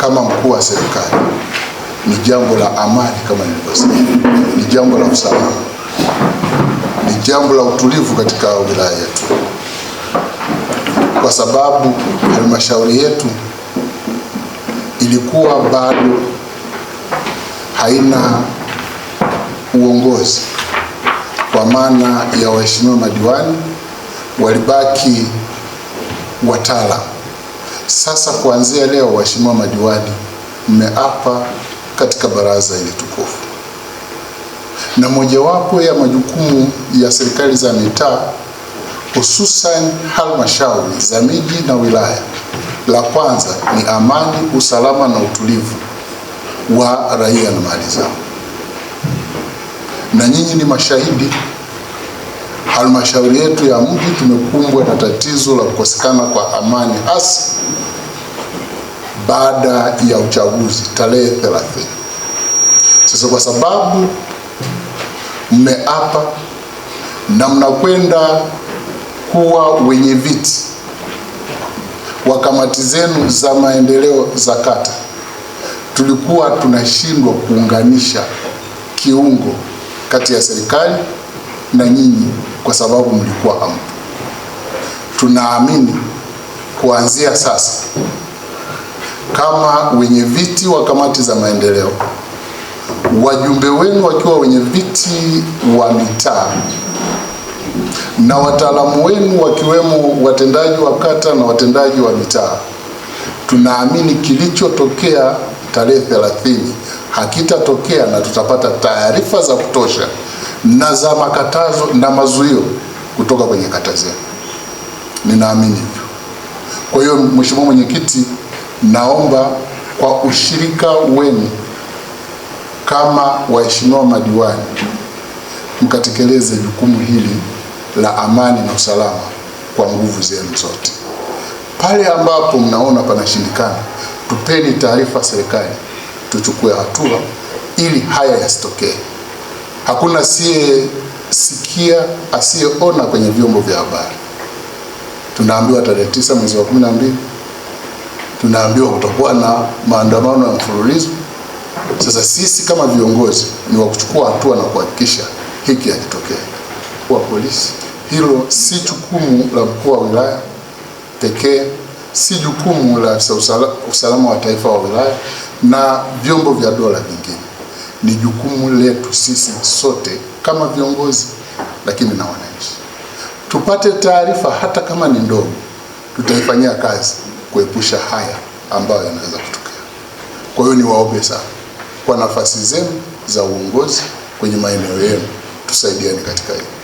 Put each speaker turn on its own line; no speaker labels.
kama mkuu wa serikali ni jambo la amani, kama nilivyosema, ni jambo la usalama, ni jambo la utulivu katika wilaya yetu, kwa sababu halmashauri yetu ilikuwa bado haina uongozi kwa maana ya waheshimiwa madiwani, walibaki wataalamu sasa kuanzia leo, waheshimiwa madiwani, mmeapa katika baraza hili tukufu, na mojawapo ya majukumu ya serikali za mitaa hususan halmashauri za miji na wilaya, la kwanza ni amani, usalama na utulivu wa raia na mali zao, na nyinyi ni mashahidi halmashauri yetu ya mji tumekumbwa na tatizo la kukosekana kwa amani hasi baada ya uchaguzi tarehe 30. Sasa kwa sababu mmeapa na mnakwenda kuwa wenye viti wa kamati zenu za maendeleo za kata, tulikuwa tunashindwa kuunganisha kiungo kati ya serikali na nyinyi kwa sababu mlikuwa hampo. Tunaamini kuanzia sasa, kama wenye viti wa kamati za maendeleo, wajumbe wenu wakiwa wenye viti wa mitaa na wataalamu wenu wakiwemo watendaji wa kata na watendaji wa mitaa, tunaamini kilichotokea tarehe 30 hakitatokea na tutapata taarifa za kutosha na za makatazo na mazuio kutoka kwenye kata zenu. Ninaamini hivyo. Kwa hiyo, Mheshimiwa Mwenyekiti, naomba kwa ushirika wenu kama waheshimiwa madiwani mkatekeleze jukumu hili la amani na usalama kwa nguvu zenu zote. Pale ambapo mnaona panashindikana, tupeni taarifa serikali, tuchukue hatua ili haya yasitokee. Hakuna asiyesikia asiyeona kwenye vyombo vya habari. Tunaambiwa tarehe tisa mwezi wa kumi na mbili tunaambiwa kutakuwa na maandamano ya mfululizo. Sasa sisi kama viongozi ni wa kuchukua hatua na kuhakikisha hiki hakitokee. Kwa polisi, hilo si jukumu la mkuu wa wilaya pekee, si jukumu la usalama wa taifa wa wilaya na vyombo vya dola vingine ni jukumu letu sisi sote kama viongozi, lakini na wananchi, tupate taarifa hata kama ni ndogo, tutaifanyia kazi kuepusha haya ambayo yanaweza kutokea. Kwa hiyo niwaombe sana kwa nafasi zenu za uongozi kwenye maeneo yenu, tusaidiane katika hili.